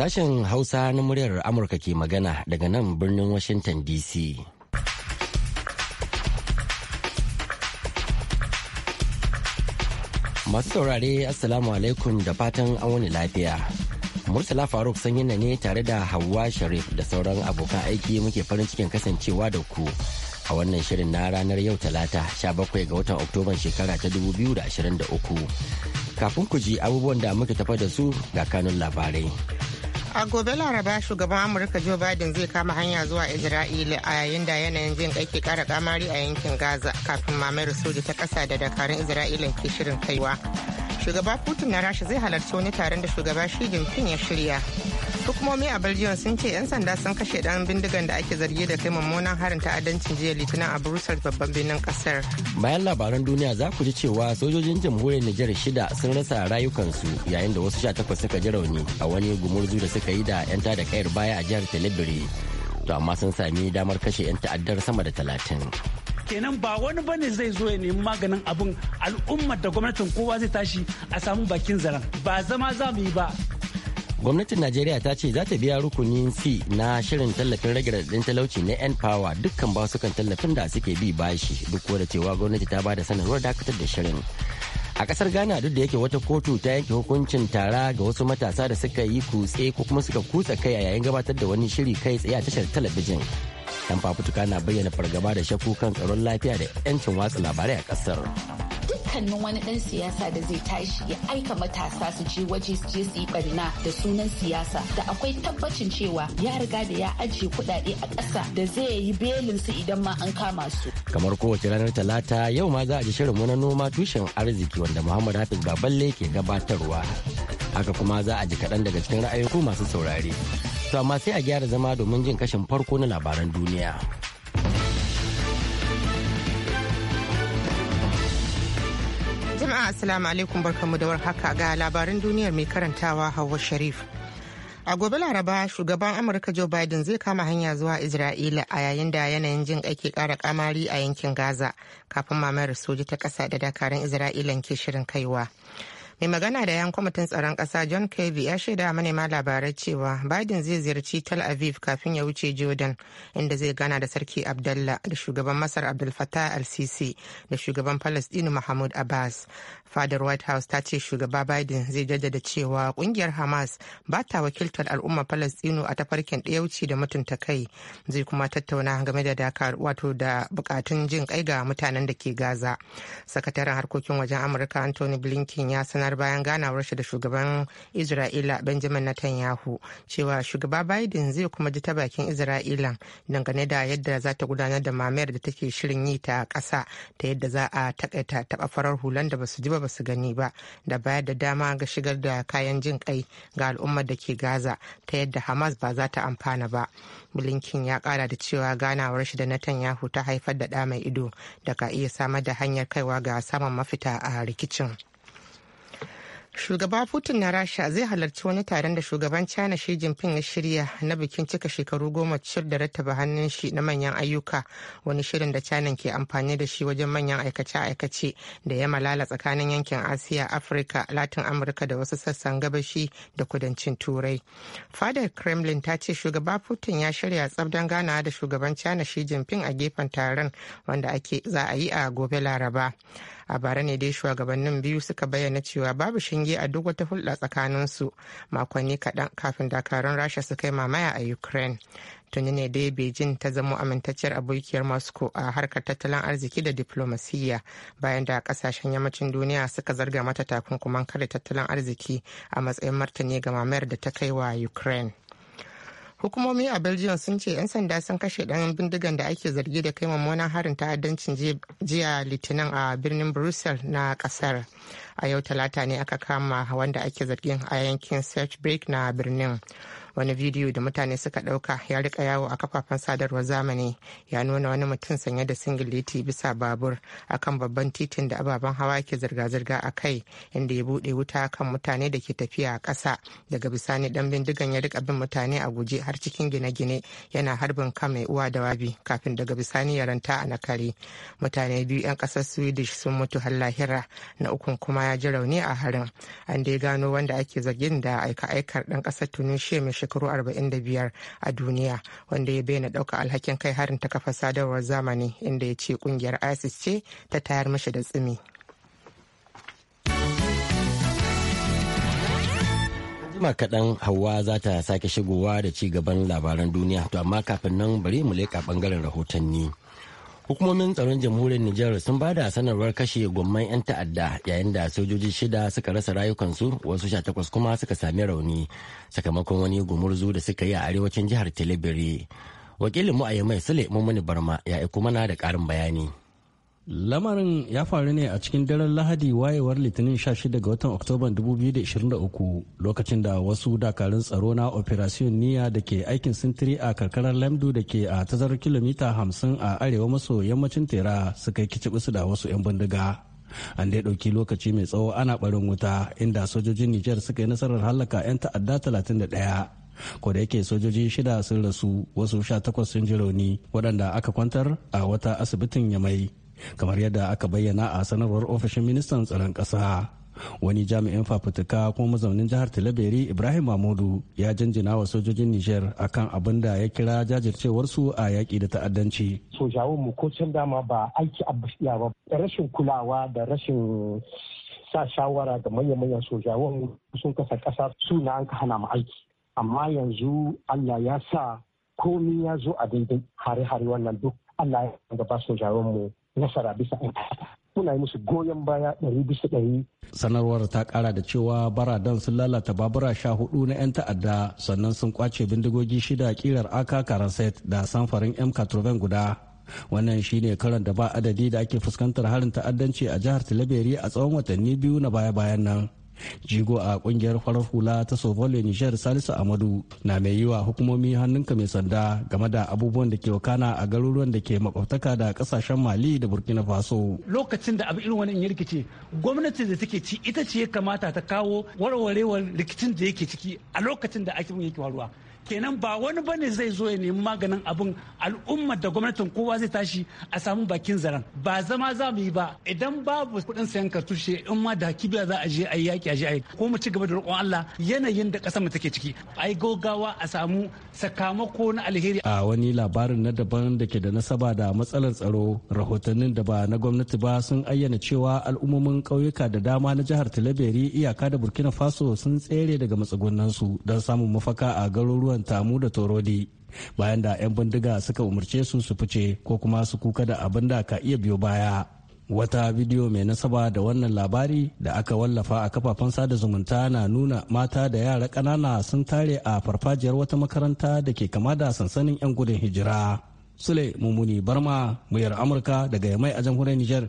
Sashen Hausa na muryar Amurka ke magana daga nan birnin Washington DC. Masu saurare Assalamu alaikum da fatan an wani lafiya. Murtala Faruk sanyina ne tare da Hauwa Sharif da sauran abokan aiki muke farin cikin kasancewa da ku. a wannan shirin na ranar yau talata 17 ga watan oktoban shekara ta 2023 kafin ku ji abubuwan da muka tafa da su ga kanun labarai a gobe laraba shugaban amurka joe biden zai kama hanya zuwa isra'ila a yayin da yanayin jin kai ke kara kamari a yankin gaza kafin mamayar soja ta kasa da dakarun isra'ila ke shirin kaiwa shugaba putin na rasha zai halarci wani taron da shugaba shi jinping ya shirya hukumomi a belgium sun ce 'yan sanda sun kashe dan bindigan da ake zargi da kai mummunan harin ta'addancin jiya litinin a brussel babban birnin kasar bayan labaran duniya za ku ji cewa sojojin jamhuriyar niger shida sun rasa rayukansu yayin da wasu sha takwas suka ji rauni a wani gumurzu da suka yi da 'yan tada kayar baya a jihar talibiri to amma sun sami damar kashe 'yan ta'addar sama da talatin kenan ba wani bane zai zo ya nemi maganin abin al'ummar da gwamnatin kowa zai tashi a samu bakin zaren ba zama za mu yi ba gwamnatin najeriya ta ce za ta biya rukunin c na shirin tallafin rage radadin talauci na n power dukkan ba basukan tallafin da suke bi bashi duk da cewa gwamnati ta ba da sanarwar dakatar da shirin a kasar ghana duk da yake wata kotu ta yanke hukuncin tara ga wasu matasa da suka yi kutse ko kuma suka kutsa kai a yayin gabatar da wani shiri kai tsaye a tashar talabijin 'yan fafutuka na bayyana fargaba da shakku kan tsaron lafiya da 'yancin watsa labarai a kasar dukkanin wani dan siyasa da zai tashi ya aika matasa su je waje su je su yi barna da sunan siyasa da akwai tabbacin cewa ya riga da ya ajiye kuɗaɗe a ƙasa da zai yi belin su idan ma an kama su. Kamar kowace ranar Talata yau ma za a ji shirin na noma tushen arziki wanda Muhammad Hafiz Baballe ke gabatarwa. Haka kuma za a ji kaɗan daga cikin ra'ayoyi masu saurare. To amma sai a gyara zama domin jin kashin farko na labaran duniya. Jama'a Assalamu alaikum barkamu da warhaka ga labaran duniyar mai karantawa Hauwa Sharif. A gobe Laraba shugaban Amurka Joe Biden zai kama hanya zuwa Isra'ila a yayin da yanayin jin ke kara kamari a yankin Gaza kafin mamayar soji ta ƙasa da dakarun Isra'ilan ke shirin kaiwa. mai magana da yan kwamitin tsaron ƙasa john kirby ya shaida manema labarai cewa biden zai ziyarci tel aviv kafin ya wuce jordan inda zai gana da sarki abdallah da shugaban masar abdul fatah al-sisi da shugaban palestine mahmud abbas fadar white house ta ce shugaba biden zai jaddada cewa kungiyar hamas ba ta wakiltar al'ummar palestino a tafarkin wuce da mutunta kai zai kuma tattauna game da dakar wato da bukatun jin kai ga mutanen da ke gaza sakataren harkokin wajen amurka anthony blinken ya sanar sanar bayan ganawar shi da shugaban Isra'ila Benjamin Netanyahu cewa shugaba Biden zai kuma ji ta bakin Isra'ila dangane da yadda za ta gudanar da mamayar da take shirin yi ta kasa ta yadda za a takaita taɓa farar hulan da basu ji ba basu gani ba da bayar da dama ga shigar da kayan jin kai ga al'ummar da ke Gaza ta yadda Hamas ba za ta amfana ba. Blinken ya kara da cewa ganawar shi da Netanyahu ta haifar da ɗa mai ido da ka iya samar da hanyar kaiwa ga saman mafita a rikicin. shugaba putin na rasha zai halarci wani taron da shugaban china shi jinping ya shirya na bikin cika shekaru goma cir da rattaba hannun shi na manyan ayyuka wani shirin da china ke amfani da shi wajen manyan aikace-aikace da ya malala tsakanin yankin asiya afirka latin amurka da wasu sassan gabashi da kudancin turai fadar kremlin ta ce shugaba putin ya shirya don ganawa da shugaban china shi jinping a gefen taron wanda ake za a yi a gobe laraba a bara ne dai shugabannin biyu suka bayyana cewa babu shinge a duk wata hulɗa su makonni kaɗan kafin dakarun rasha su kai mamaya a ukraine tuni ne dai beijing ta zama amintacciyar abokiyar moscow a harkar tattalin arziki da diplomasiyya bayan da kasashen yammacin duniya suka zarga mata takunkuman kare tattalin arziki a matsayin martani ga mamayar da ta kai wa ukraine hukumomi a belgium sun ce 'yan sanda sun kashe dan bindigan da ake zargi da kai mummunan harin ta'addancin jiya litinin a birnin brussels na kasar a yau talata ne aka kama wanda ake zargin a yankin search break na birnin wani bidiyo da mutane suka ɗauka ya rika yawo a kafafen sadarwar zamani ya nuna wani mutum sanye da singileti bisa babur akan babban titin da ababen hawa ke zirga-zirga a kai inda ya bude wuta kan mutane da ke tafiya a ƙasa daga bisani ɗan bindigan ya rika bin mutane a guje har cikin gine-gine yana harbin kan mai uwa da wabi kafin daga bisani ya ranta a nakare mutane biyu 'yan ƙasar swedish sun mutu har lahira na ukun kuma ya ji rauni a harin an dai gano wanda ake zargin da aika-aikar ɗan ƙasar tunisia shekaru 45 a duniya wanda ya bayyana ɗauka alhakin kai harin ta kafa sadarwar zamani inda ya ce kungiyar isis ce ta tayar mashi da tsimi jima kaɗan hawa za ta sake shigowa da ci gaban labaran duniya to amma kafin nan bari mu leƙa ɓangaren rahotanni. hukumomin tsaron jamhuriyar Nijar sun ba da sanarwar kashe gwamman 'yan ta'adda yayin da sojoji shida suka rasa rayukansu wasu sha takwas kuma suka sami rauni sakamakon wani gumurzu da suka yi a arewacin jihar Tilibiri. Wakilin mu a Yamai Sule mummuni Barma ya kuma mana da karin bayani. Lamarin ya faru ne a cikin daren Lahadi wayewar Litinin 16 ga watan Oktoban 2023 lokacin da wasu dakarun tsaro na Operation Niya da ke aikin sintiri a karkarar Lamdu da ke a tazarar kilomita 50 a arewa maso yammacin Tera suka yi su da wasu 'yan bindiga. An dai ɗauki lokaci mai tsawo ana barin wuta inda sojojin Nijar suka yi nasarar hallaka 'yan ta'adda 31. ko da yake sojoji shida sun rasu wasu sha takwas sun ji rauni waɗanda aka kwantar a wata asibitin yamai kamar yadda aka bayyana a sanarwar ofishin ministan tsaron ƙasa wani jami'in fafutuka kuma mazaunin jihar talabiri ibrahim mamudu ya janjina wa sojojin niger akan abin da ya kira jajircewarsu a yaƙi da ta'addanci sojawan mu ko can dama ba aiki a bashiya ba rashin kulawa da rashin sa shawara ga manya-manyan sojawan sun kasa kasa suna an ka hana mu aiki amma yanzu allah ya sa komi ya zo a daidai hare-hare wannan duk allah ya ba sojawan mu nasara bisa aikata muna yi musu goyon baya ɗari bisa ɗari. sanarwar ta ƙara da cewa baradan sun lalata babura sha hudu na 'yan ta'adda sannan sun kwace bindigogi shida kirar aka karaset da samfarin m guda wannan shine karan da ba adadi da ake fuskantar harin ta'addanci a jihar talabiri a tsawon watanni biyu na baya-bayan nan jigo a kungiyar farar hula ta sovole nijar salisu amadu na mai yi wa hukumomi hannunka mai sanda game da abubuwan da ke wakana a garuruwan da ke makwabtaka da kasashen mali da burkina faso lokacin da abu irin wani ya rikice gwamnati da take ci ita ce ya kamata ta kawo warwarewar rikicin da yake ciki a lokacin da ake yake faruwa kenan ba wani bane zai zo ya nemi maganin abin al'umma da gwamnatin kowa zai tashi a samu bakin zaren ba zama za mu yi ba idan babu kudin sayan kartushe in ma da kibiya za a je a yi yaki a je a yi ko mu ci gaba da roƙon Allah yanayin da ƙasar mu take ciki ai gogawa a samu sakamako na alheri a wani labarin na daban da ke da nasaba da matsalar tsaro rahotannin da ba na gwamnati ba sun ayyana cewa al'ummomin ƙauyuka da dama na jihar Talabiri iyaka da Burkina Faso sun tsere daga su don samun mafaka a garuruwan tamu da torodi bayan da 'yan bindiga suka umarce su su fice ko kuma su kuka da abin da ka iya biyo baya wata bidiyo mai nasaba da wannan labari da aka wallafa a kafafen sada zumunta na nuna mata da yara ƙanana sun tare a farfajiyar wata makaranta da ke kama da sansanin 'yan gudun hijira sule mummuni barma muyar amurka daga yamai a jamhuriyar niger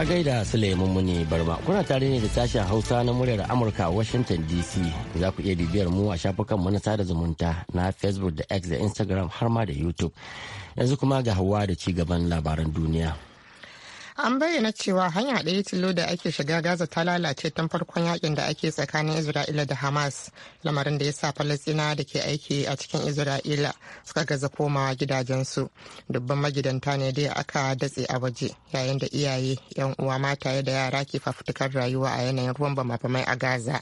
A gaida Suleiman Muni Barma kuna tare ne da sashen Hausa na muryar Amurka a Washington DC za ku iya bibiyar mu a shafukan na sada zumunta na Facebook da X da Instagram har ma da YouTube. Yanzu kuma ga hawa da ci gaban labaran duniya. an bayyana cewa hanya ɗaya tilo da ake shiga gaza ta lalace tun farkon yakin da ake tsakanin isra'ila da hamas lamarin da ya sa falastina da ke aiki a cikin isra'ila suka gaza komawa gidajensu dubban magidanta ne dai aka datse a waje yayin da iyaye yan uwa mataye da yara ke fafutukar rayuwa a yanayin ruwan bama a gaza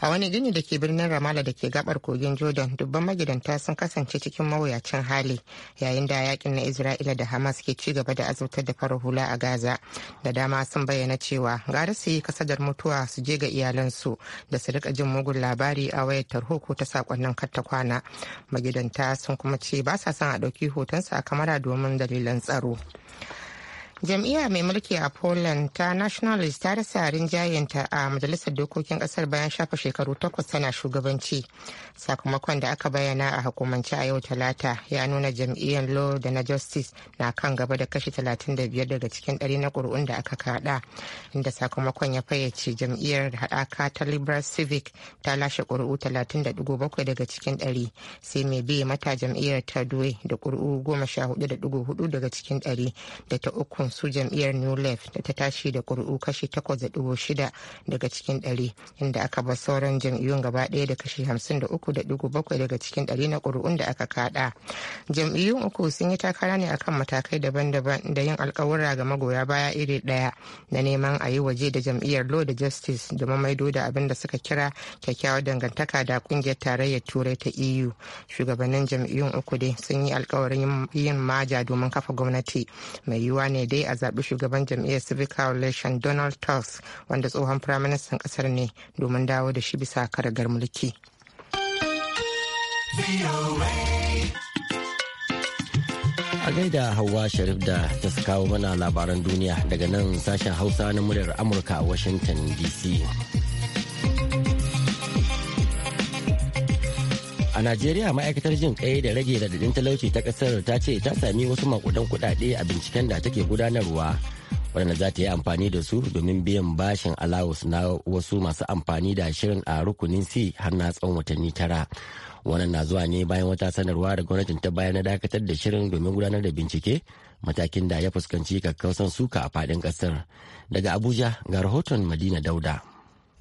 a wani gini da ke birnin ramala da ke gabar kogin jordan dubban magidanta sun kasance cikin mawuyacin hali yayin da yakin na isra'ila da hamas ke ci gaba da azurtar da fara hula a gaza gaza da dama sun bayyana cewa gara su yi kasadar mutuwa su je ga iyalansu da su rika jin mugun labari a wayar tarho ko ta sakonnin katta kwana magidanta sun kuma ce ba sa son a ɗauki hotonsu a kamara domin dalilan tsaro jam'iyya mai mulki a poland ta nationalist ta rasa rinjayenta a majalisar dokokin kasar bayan shafa shekaru takwas tana shugabanci sakamakon da aka bayyana a hukumance a yau talata ya nuna jam'iyyar law da na justice na kan gaba da kashi 35 daga cikin dari na ƙuri'un da aka kada inda sakamakon ya fayyace jam'iyyar haɗaka ta liberal civic ta lashe ƙuri'u 30.7 daga cikin dari sai mai bi mata jam'iyyar ta duwe da ƙuri'u 14.4 daga cikin dari da ta uku su jam'iyyar new left da ta tashi da kuri'u kashi 8.6 daga cikin 100 inda aka bar sauran jam'iyyun gaba ɗaya da kashi 53.7 daga cikin 100 na kuri'un da aka kada jam'iyyun uku sun yi takara ne akan matakai daban-daban da yin alkawura ga magoya baya iri ɗaya na neman a yi waje da jam'iyyar law da justice domin maido da abin da suka kira kyakkyawar dangantaka da kungiyar tarayyar turai ta eu shugabannin jam'iyyun uku dai sun yi alkawarin yin maja domin kafa gwamnati mai yiwuwa ne dai a zaɓi shugaban jam'iyyar civic coalition donald tusk wanda tsohon firaministan ƙasar ne domin dawo da shi bisa karagar mulki a gaida hawa sharif da ta kawo mana labaran duniya daga nan sashen hausa na muryar amurka a washington dc A Najeriya ma'aikatar jin kai da rage radadin talauci ta kasar ta ce ta sami wasu makudan kudade a binciken da take gudanarwa waɗanda za ta yi amfani da su domin biyan bashin alawus na wasu masu amfani da shirin a rukunin C har na tsawon watanni tara. Wannan na zuwa ne bayan wata sanarwa da gwamnatin ta bayar na dakatar da shirin domin gudanar da bincike matakin da ya fuskanci kakkausan suka a faɗin ƙasar. Daga Abuja ga rahoton Madina Dauda.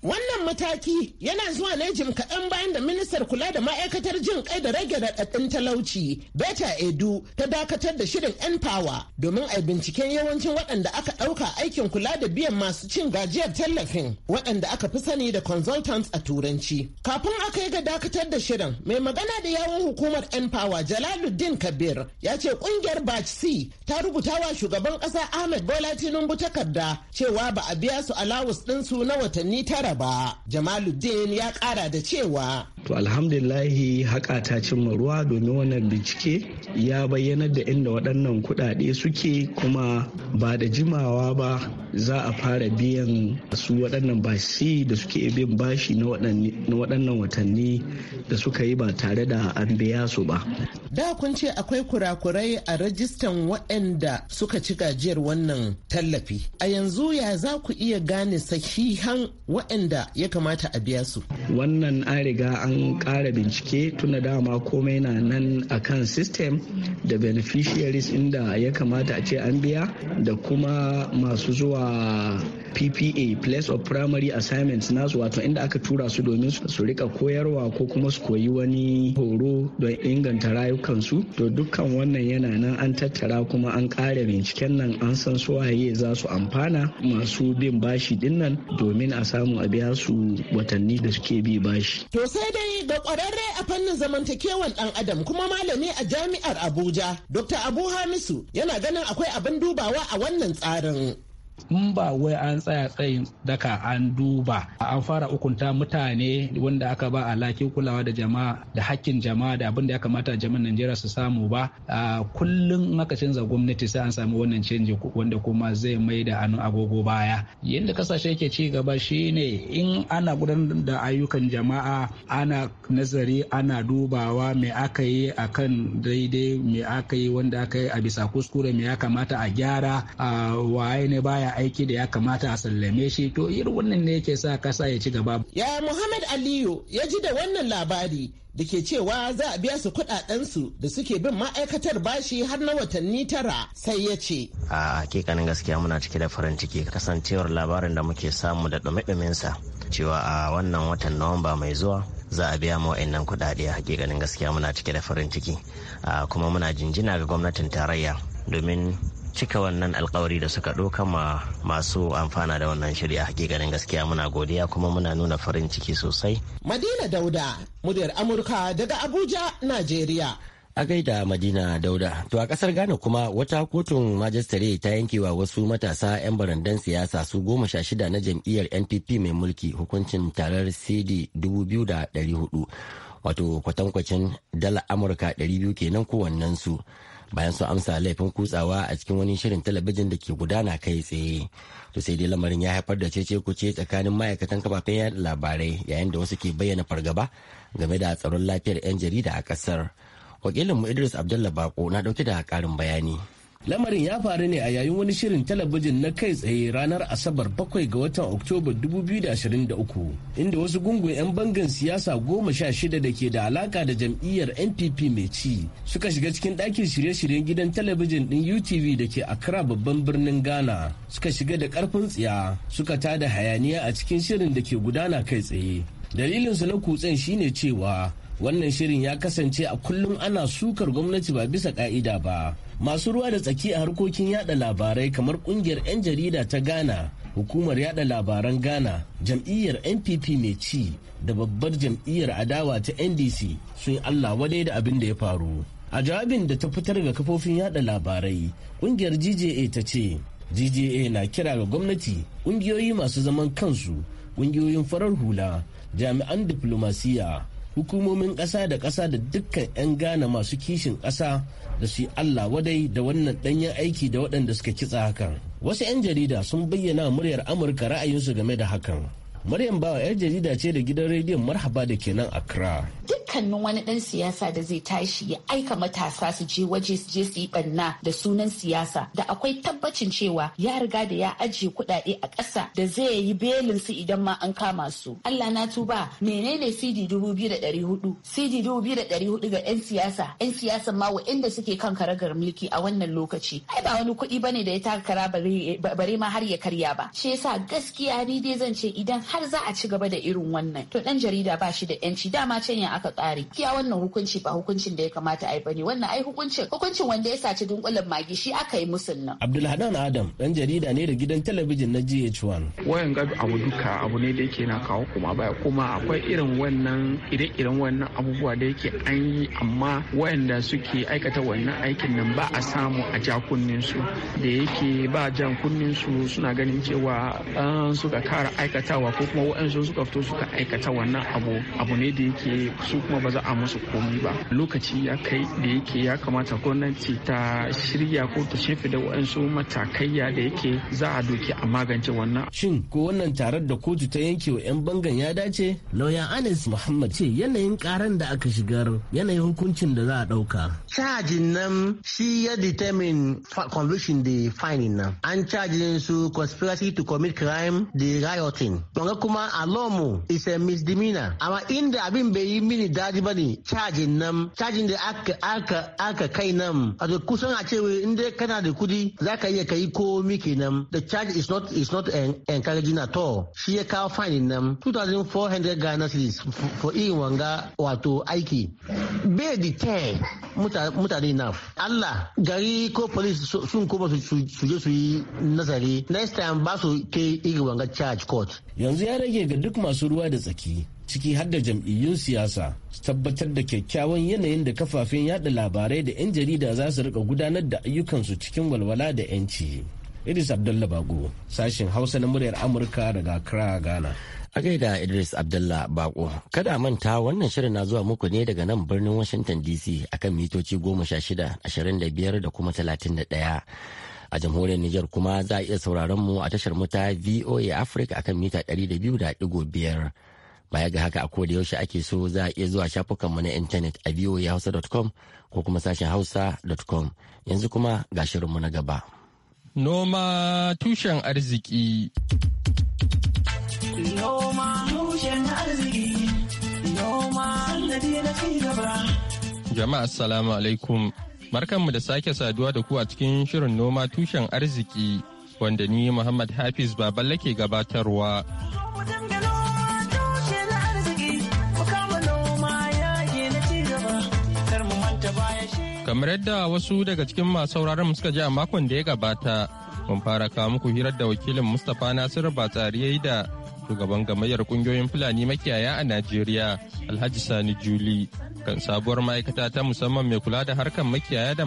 Wannan mataki yana zuwa ne jim kaɗan bayan da ministar kula da ma'aikatar jin kai da rage raɗaɗin talauci Beta Edu ta dakatar da shirin 'yan power domin a binciken yawancin waɗanda aka ɗauka aikin kula da biyan masu cin gajiyar tallafin waɗanda aka fi sani da consultants a turanci. Kafin aka yi ga dakatar da shirin mai magana da yawon hukumar 'yan power Jalaluddin Kabir ya ce ƙungiyar Batch C ta rubuta wa shugaban ƙasa Ahmed Bola Tinubu takarda cewa ba a biya su alawus ɗinsu na watanni tara ba Jamaluddin ya kara da cewa. To alhamdulillahi haƙa ta cimma ruwa domin wannan bincike ya bayyanar da inda waɗannan kuɗaɗe suke kuma ba da jimawa ba za a fara biyan su waɗannan bashi da suke bin bashi na waɗannan watanni da suka yi ba tare da an biya su ba. Da kun ce akwai kurakurai a rajistan waɗanda suka ci gajiyar wannan tallafi. A yanzu ya za ku iya gane sahihan waɗanda da ya kamata a biya su wannan an riga an ƙara bincike tuna dama komai na nan akan system da beneficiaries inda ya kamata a ce an biya da kuma masu zuwa ppa place of primary assignments nasu wato inda aka tura su domin su rika koyarwa ko kuma su koyi wani horo don inganta rayukansu to dukkan wannan yana nan an tattara kuma an ƙara binciken nan an san suwaye za su amfana masu bin bashi dinnan domin a samu a biya su watanni da suke bi bashi. To sai dai ga kwararre a fannin zamantakewan dan adam kuma malami a jami'ar Abuja Dr. Abu Hamisu yana ganin akwai abin dubawa a wannan tsarin. in ba wai an tsaya tsayin daka an duba an fara hukunta mutane wanda aka ba alhakin kulawa da jama'a da hakkin jama'a da abin da ya kamata jama'a Najeriya su samu ba kullum in aka canza gwamnati sai an samu wannan canji wanda kuma zai mai da anu agogo baya yadda kasashe ke ci gaba shine in ana gudanar da ayyukan jama'a ana nazari ana dubawa me aka yi akan daidai me aka yi wanda aka yi a bisa kuskure me ya kamata a gyara waye ne baya baya aiki da ya kamata a sallame shi to yi wannan ne yake sa kasa ya ci gaba ya muhammad aliyu ya ji da wannan labari da ke cewa za a biya su su da suke bin ma'aikatar bashi har na watanni tara sai ya ce. A hakikanin gaskiya muna cike da farin ciki kasancewar labarin da muke samu da ɗume cewa a wannan watan Nuwamba mai zuwa za a biya mawa innan kudade a hakikanin gaskiya muna cike da farin ciki kuma muna jinjina ga gwamnatin tarayya domin cika wannan alkawari da suka ɗauka ma masu amfana da wannan shirya hakikanin gaskiya muna godiya kuma muna nuna farin ciki sosai. Madina Dauda, muryar Amurka daga Abuja, Najeriya. A gaida Madina Dauda, to a kasar Ghana kuma wata kotun majistare ta yankewa wasu matasa 'yan barandan siyasa su goma sha shida na jam'iyyar NPP mai mulki hukuncin tarar CD 2,400 wato kwatankwacin dala Amurka 200 kenan kowannensu. bayan sun amsa laifin kutsawa a cikin wani shirin talabijin da ke gudana kai tsaye to sai dai lamarin ya haifar da cece kuce tsakanin ma'aikatan kafafen yada labarai yayin da wasu ke bayyana fargaba game da tsaron lafiyar 'yan jarida a kasar Wakilinmu idris abdullah bako na dauke da karin bayani lamarin ya faru ne a yayin wani shirin talabijin na kai tsaye ranar asabar 7 ga watan oktoba 2023 inda wasu gungun 'yan bangan siyasa goma sha shida da ke da alaka da jam'iyyar npp mai ci suka shiga cikin ɗakin shirye-shiryen gidan talabijin ɗin utv da ke accra babban birnin ghana suka shiga da ƙarfin tsiya suka tada hayaniya a cikin shirin da ke gudana kai tsaye dalilinsu na kutsen shine cewa wannan shirin ya kasance a kullum ana sukar gwamnati ba bisa ka'ida ba masu ruwa da tsaki a harkokin yada labarai kamar kungiyar 'yan jarida ta ghana hukumar yada labaran ghana jam'iyyar npp mai ci da babbar jam'iyyar adawa ta ndc sun allah wadai da abin da ya faru a jawabin da ta fitar ga kafofin yada labarai kungiyar gja ta ce gja na kira ga gwamnati kungiyoyi masu zaman kansu kungiyoyin farar hula jami'an diplomasiya hukumomin ƙasa da ƙasa da dukkan 'yan ghana masu kishin ƙasa da su Allah wadai da wannan ɗanyen aiki da waɗanda suka kitsa hakan. Wasu 'yan jarida sun bayyana muryar Amurka ra'ayinsu game da hakan. Maryam Bawa yar jarida ce da gidan rediyon Marhaba da ke nan Accra. Dukkanin wani ɗan siyasa da zai tashi ya aika matasa su je waje su je su yi ɓanna da sunan siyasa da akwai tabbacin cewa ya riga da ya ajiye kuɗaɗe a ƙasa da zai yi belin su idan ma an kama su. Allah na tuba menene CD dubu biyu da ɗari hudu CD dubu biyu da ɗari hudu ga 'yan siyasa 'yan siyasa ma waɗanda suke kan karagar mulki a wannan lokaci. Ai ba wani kuɗi bane da ya taka kara bare ma har ya karya ba. Shi yasa gaskiya ni dai zan ce idan har za a ci gaba da irin wannan to dan jarida ba shi da yanci dama can ya aka kare kiya wannan hukunci ba hukuncin da ya kamata a yi bane wannan ai hukuncin hukuncin wanda ya saci dunkulen magi shi aka yi musun nan abdulhadan Adam dan jarida ne da gidan talabijin na GH1 wayan ga abu duka abu ne da yake na kawo kuma ba kuma akwai irin wannan ire-iren wannan abubuwa da yake an yi amma wayanda suke aikata wannan aikin nan ba a samu a ja kunnen su da yake ba jan kunnen su suna ganin cewa an suka kara aikatawa ko ko kuma waɗansu suka fito suka aikata wannan abu abu ne da yake su kuma ba za a musu komi ba lokaci ya kai da yake ya kamata gwamnati ta shirya ko ta shafi da waɗansu matakaiya da yake za a doki a magance wannan. shin ko wannan tarar da kotu ta yanke wa 'yan bangan ya dace lauya anis muhammad ce yanayin karan da aka shigar yanayin hukuncin da za a ɗauka. cajin nan shi ya determine conviction da fine nan an cajin su conspiracy to commit crime da rioting. na kuma a lomu is a misdemeanor amma inda abin bai yi mini daji ba ne cajin nan cajin da aka aka aka kai nan a kusan a ce in dai kana da kudi ka iya kai miki nan the charge is not is not encouraging at all shi ya kawo fine nan 2400 Ghana cedis for irin wanga wato aiki bai deter mutane na Allah gari ko police sun kuma su je su yi nazari next time ba su ke irin wanga charge court yanzu yanzu ya rage ga duk masu ruwa da tsaki ciki har da jam'iyyun siyasa su tabbatar da kyakkyawan yanayin da kafafen yada labarai da 'yan jarida za su rika gudanar da ayyukansu cikin walwala da 'yanci idris abdullah bago sashen hausa na muryar amurka daga accra ghana a gaida idris abdullah bako kada manta wannan shirin na zuwa muku ne daga nan birnin washington dc akan mitoci goma sha shida ashirin da biyar da kuma talatin da daya. A jamhuriyar Nijar kuma za a iya sauraron mu a tashar mu ta VOA Africa akan mita 200.5. Baya ga haka a koda yaushe ake so za a iya zuwa shafukan mu na intanet a voahausa.com ko kuma sashen hausa.com. Yanzu kuma ga shirinmu na gaba. Noma tushen arziki. Noma tushen arziki. Noma na ci gaba. Jama'a assalamu alaikum. Barkanmu da sake saduwa da ku a cikin shirin noma tushen arziki wanda ni Muhammad Hafiz Baballe ke gabatarwa. Kamar yadda wasu daga cikin masu sauraron suka ji a makon da ya gabata, mun fara kawo muku hirar da wakilin Mustapha Nasiru Batsari ya yi da shugaban gamayyar kungiyoyin Fulani makiyaya a Najeriya Alhaji Sani Juli kan sabuwar ma'aikata ta musamman mai kula da harkar makiyaya da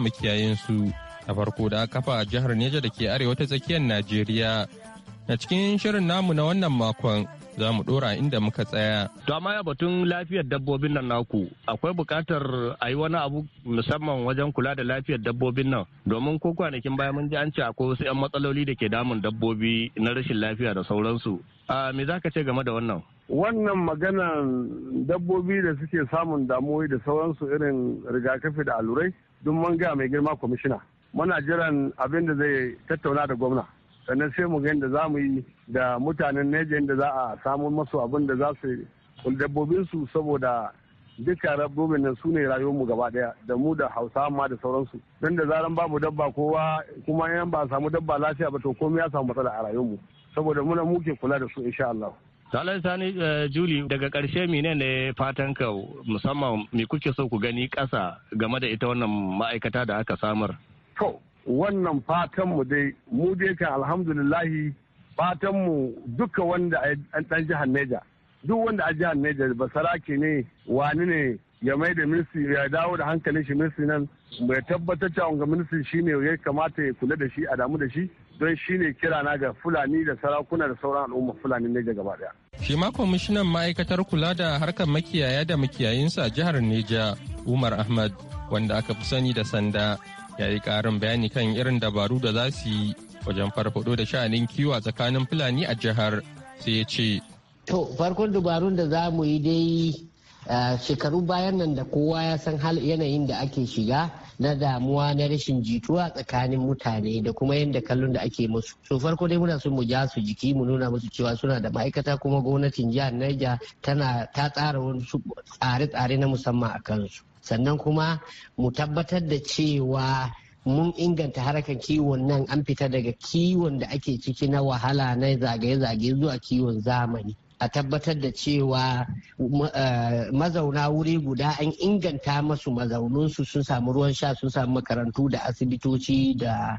su a farko da kafa a jihar Neja da ke arewa ta tsakiyar Najeriya. A cikin shirin namu na wannan makon za mu dora inda muka tsaya. To amma ya batun lafiyar dabbobin nan naku akwai bukatar a yi wani abu musamman wajen kula da lafiyar dabbobin nan domin ko kwanakin baya mun ji an ce akwai wasu 'yan matsaloli da ke damun dabbobi na rashin lafiya da sauransu. Me za ka ce game da wannan? Wannan maganar dabbobi da suke samun damuwoyi da sauransu irin rigakafi da allurai duk mun ga mai girma kwamishina. Muna jiran abin da zai tattauna da gwamna. sannan sai mu ga yadda za mu yi da mutanen neja yadda za a samu masu abin da za su dabbobinsu saboda duka rabobin nan su ne mu gaba daya da mu da hausa ma da sauransu don da zaran babu dabba kowa kuma yan ba samu dabba lafiya ba to komai ya samu matsala a rayuwarmu saboda muna muke kula da su insha Allah. Salai Sani eh, Juli daga karshe mine ne fatan ka musamman me kuke so ku gani kasa game da ita wannan ma'aikata da aka samar? To wannan fatanmu dai mu dai kan alhamdulillahi fatanmu duka wanda an dan jihar Neja duk wanda a jihar Neja ba sarake ne wani ne ya mai da ministry ya dawo da hankalin shi ministry nan bai tabbatar cewa ga ministry shine ya kamata ya kula da shi a damu da shi don shine kira na ga fulani da sarakuna da sauran al'umma fulani Neja gaba daya shi ma kwamishinan ma'aikatar kula da harkar makiyaya da makiyayinsa a jihar Neja Umar Ahmad wanda aka fi sani da sanda ya yi karin bayani kan irin dabaru da za su yi wajen farfado da sha'anin kiwo a tsakanin fulani a jihar sai ya ce to farkon dabarun da za mu yi dai shekaru bayan nan da kowa ya san hal yanayin da ake shiga na damuwa na rashin jituwa tsakanin mutane da kuma yadda kallon da ake musu so farko dai muna son mu ja su jiki mu nuna musu cewa suna da ma'aikata kuma gwamnatin jihar Niger tana ta tsara wasu tsare-tsare na musamman a kansu sannan kuma mu tabbatar da cewa mun inganta harkar kiwon nan an fita daga kiwon da ake ciki na wahala na zagaye-zagaye zuwa kiwon zamani a tabbatar da cewa eh, mazauna wuri guda an inganta masu mazauninsu sun samu ruwan sha sun samu makarantu da asibitoci da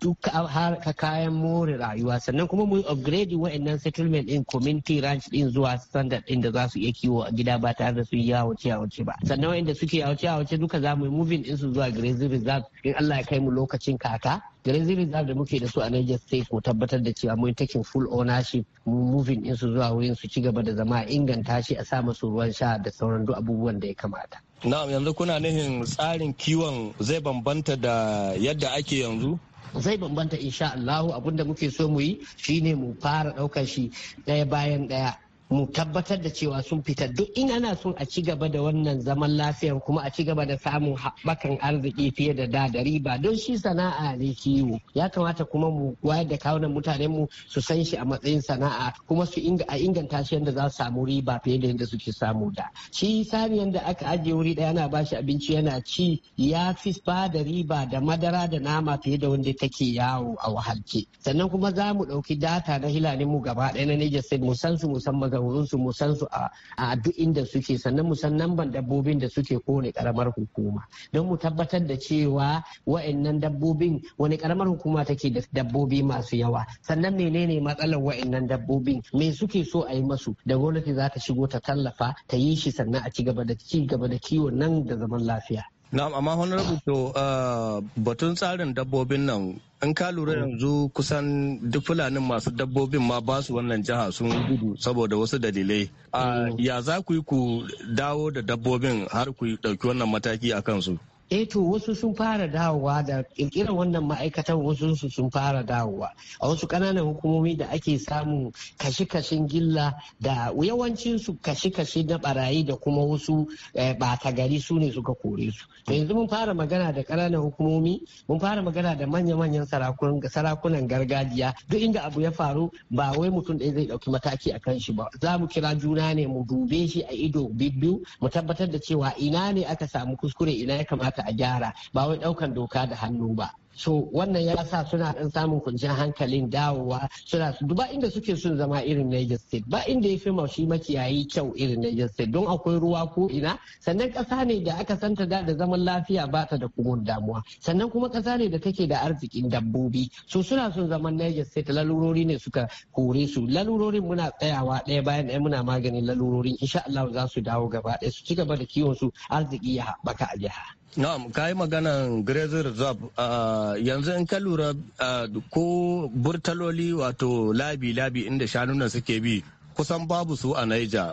duk kayan more rayuwa sannan kuma mu upgrade wa'annan settlement din community ranch din zuwa standard din da za su iya kiwo a gida ba tare da su yi yawace yawace ba sannan wa'anda suke yawace yawace duka za mu yi moving din su zuwa grazing reserve in Allah ya kai mu lokacin kaka gare reserve da muke da su a Niger State ko tabbatar da cewa mun takin full ownership mu moving din su zuwa wurin su ci gaba da zama inganta shi a sa masu ruwan sha da sauran duk abubuwan da ya kamata. Na'am yanzu kuna nihin tsarin kiwon zai bambanta da yadda ake yanzu? zai bambanta insha Allahu abinda muke so mu yi shine mu fara ɗaukar shi ɗaya bayan daya. mu tabbatar da cewa sun fita duk in ana son a ci gaba da wannan zaman lafiyar kuma a ci gaba da samun haɓakan arziki fiye da da da riba don shi sana'a ne kiwo ya kamata kuma mu wayar da kawunan mutanen mu su san shi a matsayin sana'a kuma su a inganta shi yadda za su samu riba fiye da yadda suke samu da shi saniyar da aka ajiye wuri ɗaya ana bashi abinci yana ci ya fi ba da riba da madara da nama fiye da wanda take yawo a wahalce sannan kuma za mu ɗauki data na hilanin mu gaba ɗaya na Niger State mu san su musamman daga wurinsu mu san su a duk inda suke sannan mu san namban dabbobin da suke kowane karamar hukuma don mu tabbatar da cewa wa'annan dabbobin wani karamar hukuma take da dabbobi masu yawa sannan menene matsalar wa'annan dabbobin me suke so a yi masu da gwamnati za ta shigo ta tallafa ta yi shi sannan a ci gaba da ci gaba da kiwon nan da zaman lafiya Na'am amma honorable to uh, batun tsarin dabbobin nan in ka lura mm. yanzu kusan duk fulanin masu dabbobin ma ba su wannan jiha sun gudu saboda wasu dalilai. Uh, mm. Ya za ku yi ku dawo da dabbobin har ku ɗauki wannan mataki a kansu? eh to wasu sun fara dawowa da kirkirar wannan ma'aikatan wasu su sun fara dawowa a wasu ƙananan hukumomi da ake samun kashi-kashin gilla da yawancin su kashe-kashe na barayi da kuma wasu bata eh, gari su ne suka kore su to yanzu mun fara magana da kananan hukumomi mun fara magana da manya-manyan sarakunan gargajiya duk inda abu ya faru ba wai mutum ɗaya zai ɗauki mataki a kan shi ba za mu kira juna ne mu dube shi a ido biyu mu tabbatar da cewa ina ne aka samu kuskure ina ya kamata kamata a gyara ba wai ɗaukan doka da hannu ba so wannan ya sa suna ɗan samun kwanciyar hankalin dawowa suna duba inda suke sun zama irin Niger State ba inda ya fi shi makiyayi kyau irin Niger State don akwai ruwa ko ina sannan ƙasa ne da aka santa da da zaman lafiya ba ta da kuma damuwa sannan kuma ƙasa ne da take da arzikin dabbobi so suna son zaman Niger State lalurori ne suka kore su lalurorin muna tsayawa ɗaya bayan ɗaya muna maganin lalurorin insha Allah za su dawo gaba ɗaya su ci gaba da kiwon su arziki ya haɓaka a jiha. Na'am, ka yi maganan Grazer Reserve yanzu in ka lura ko burtaloli wato labi-labi inda shanunan suke bi kusan babu su a Naija.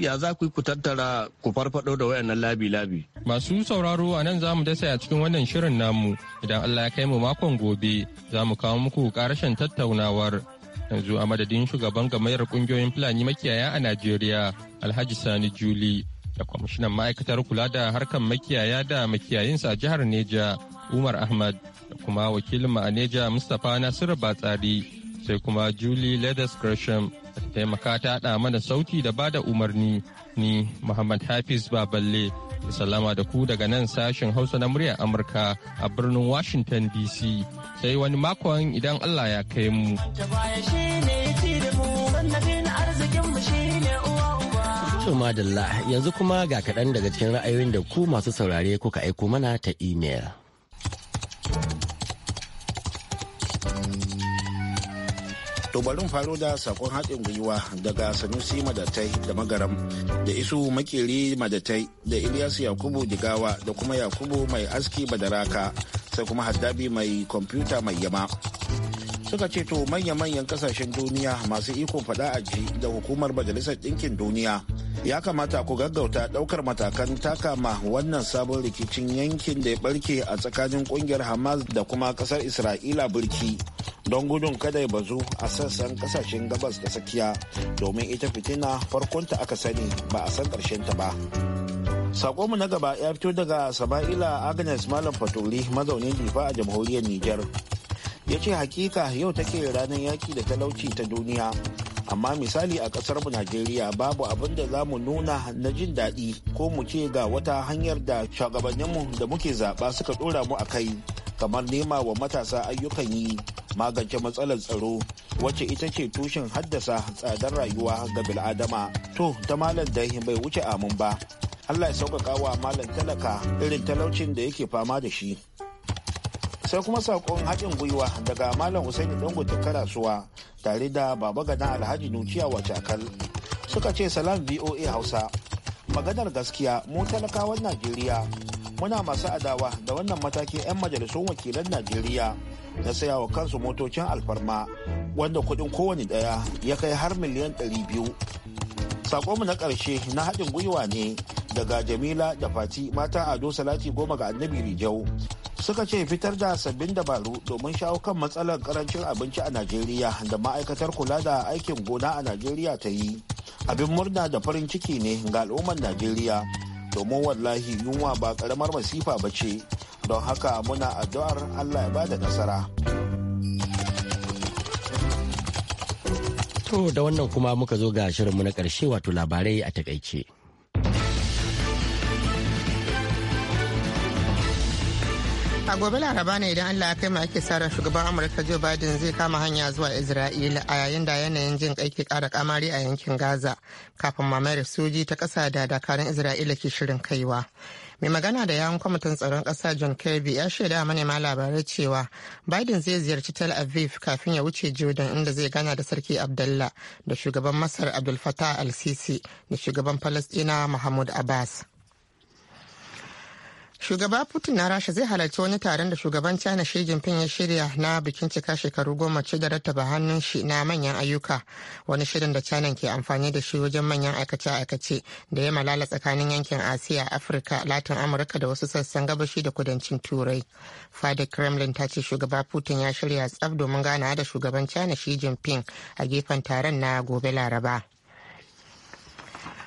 Ya za ku yi ku tattara ku farfado da wayannan labi-labi. Masu sauraro a nan za mu dasa a cikin wannan shirin namu idan Allah ya kai mu makon gobe za mu kawo muku karashen tattaunawar. Yanzu a madadin shugaban gamayar kungiyoyin Fulani makiyaya a Najeriya Alhaji Sani Juli da kwamishinan ma'aikatar kula da harkar makiyaya da makiyayinsa a jihar neja umar ahmad da kuma wakilin a neja mustapha nasiru batsari sai kuma julie ledes gresham da taimaka ta haɗa mana sauti da bada umarni ni muhammad hafiz baballe da salama da ku daga nan sashen hausa na muryar amurka a birnin washington dc sai wani makon idan allah ya kai mu. To madalla yanzu kuma ga kaɗan daga cikin ra'ayoyin da ku masu saurare kuka aiko mana ta email. To faro da sakon haɗin gwiwa daga Sanusi Madatai da Magaram da Isu Makeri Madatai da Ilyasu Yakubu Digawa da kuma Yakubu mai aski Badaraka sai kuma Haddabi mai kwamfuta mai yama. Suka ce to manya-manyan kasashen duniya masu ikon faɗa a ji da hukumar Majalisar Ɗinkin Duniya ya kamata ku gaggauta daukar matakan takama wannan sabon rikicin yankin da ya barke a tsakanin kungiyar hamas da kuma kasar isra'ila birki don gudun kada ya bazu a sassan kasashen gabas da tsakiya domin ita fitina farkonta aka sani ba a san karshen ta ba sako mu na gaba ya fito daga saba'ila agnes malam faturi mazaunin difa a jamhuriyar niger ya ce hakika yau take ranar yaki da talauci ta duniya amma misali a kasar mu najeriya babu abin da za mu nuna na jin daɗi ko mu ce ga wata hanyar da shugabanninmu da muke zaɓa suka ɗora mu a kai kamar nema wa matasa ayyukan yi magance matsalar tsaro wacce ita ce tushen haddasa tsadar rayuwa ga bil'adama to ta malam dai bai wuce amin ba allah ya sauƙaƙa wa malam talaka irin talaucin da yake fama da shi sai kuma sakon haɗin gwiwa daga malam usaini ta karasuwa tare da baba gana alhaji wa cakal suka ce salam voa hausa maganar gaskiya mu talakawan najeriya muna masu adawa da wannan matakin 'yan majalisun wakilan najeriya na saya wa kansu motocin alfarma wanda kuɗin kowane ɗaya ya kai har miliyan ɗari biyu saƙonmu na ƙarshe na haɗin gwiwa ne daga jamila da fati mata ado salati goma ga annabi rijau suka ce fitar da sabbin dabaru domin shawo kan matsalar karancin abinci a najeriya da ma'aikatar kula da aikin gona a najeriya ta yi abin murna da farin ciki ne ga al'ummar najeriya domin wallahi yunwa ba karamar masifa ba ce don haka muna addu'ar allah ya bada nasara to da wannan kuma muka zo ga shirinmu na ƙarshe wato labarai a takaice. a gobe laraba ne idan allah ya kai ma ake sara shugaban amurka joe biden zai kama hanya zuwa isra'ila a yayin da yanayin jin kai ke kara kamari a yankin gaza kafin mamayar soji ta kasa da dakarun isra'ila ke shirin kaiwa mai magana da yawon kwamitin tsaron kasa john kirby ya shaida manema labarai cewa biden zai ziyarci tel aviv kafin ya wuce jordan inda zai gana da sarki abdullah da shugaban masar abdul fatah al-sisi da shugaban palestina mahmud abbas shugaba putin na rasha zai halarci wani taron da shugaban china shi jinping ya shirya na bikin cika shekaru goma ce da rattaba hannun shi na manyan ayyuka wani shirin da china ke amfani da shi wajen manyan aikace-aikace da ya malala tsakanin yankin asiya afirka latin amurka da wasu sassan gabashi da kudancin turai fadar kremlin ta ce shugaba putin ya shirya tsaf domin ganawa da shugaban china shi jinping a gefen taron na gobe laraba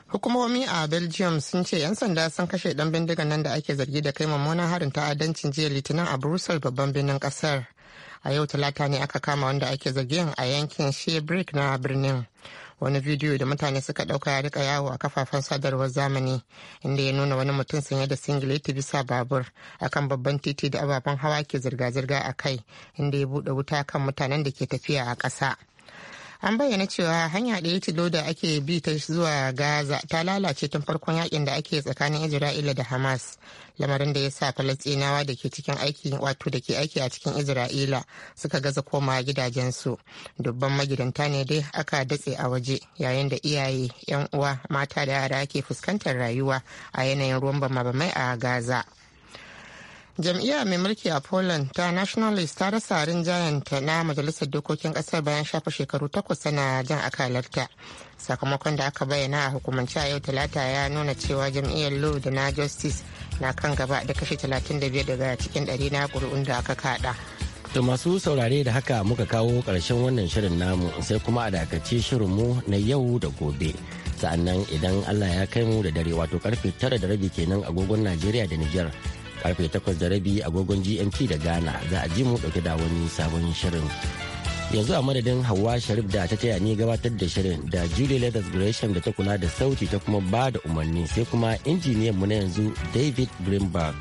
Hukumomi a Belgium sun ce 'yan sanda sun kashe dan bindigan nan da ake zargi da kai mummunan harin ta'addancin jiya Litinin a Brussels babban birnin kasar. A yau talata ne aka kama wanda ake zargin a yankin Shebrick na birnin. Wani bidiyo da mutane suka dauka ya rika yawo a kafafen sadarwar zamani inda ya nuna wani mutum sanye da singileti bisa babur akan babban titi da ababen hawa ke zirga-zirga a kai inda ya bude wuta kan mutanen da ke tafiya a ƙasa. an bayyana cewa hanya ɗaya tilo da ake bi ta zuwa gaza ta lalace tun farkon yakin da ake tsakanin isra'ila da hamas lamarin da ya sa falastinawa da ke cikin aiki wato da ke aiki a cikin isra'ila suka gaza koma gidajensu dubban magidanta ne dai aka datse a waje yayin da iyaye yan uwa mata da yara ke fuskantar rayuwa a yanayin ruwan bama a gaza jam'iyya mai mulki a poland ta nationalist ta rasa rinjayenta na majalisar dokokin kasar bayan shafa shekaru takwas tana jan akalarta sakamakon da aka bayyana a hukumance a yau talata ya nuna cewa jam'iyyar law da na justice na kan gaba da kashe 35 daga cikin 100 na kuri'un da aka kada To masu saurare da haka muka kawo karshen wannan shirin namu sai kuma a dakace shirin mu na yau da gobe. Sa'annan idan Allah ya kai mu da dare wato karfe tara da rabi kenan agogon Najeriya da niger. karfe 8 da rabi agogon gmt da ghana za a ji mu dauke da wani sabon shirin yanzu a madadin hawa sharif da ta taya ni gabatar da shirin da julie letters gresham da ta kula da sauti ta kuma ba da umarni sai kuma injiniyan mu na yanzu david greenberg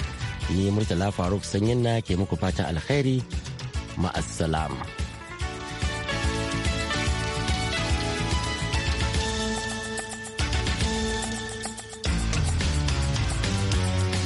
ni murtala faruk sanyin na ke muku fatan alkhairi ma'assalam.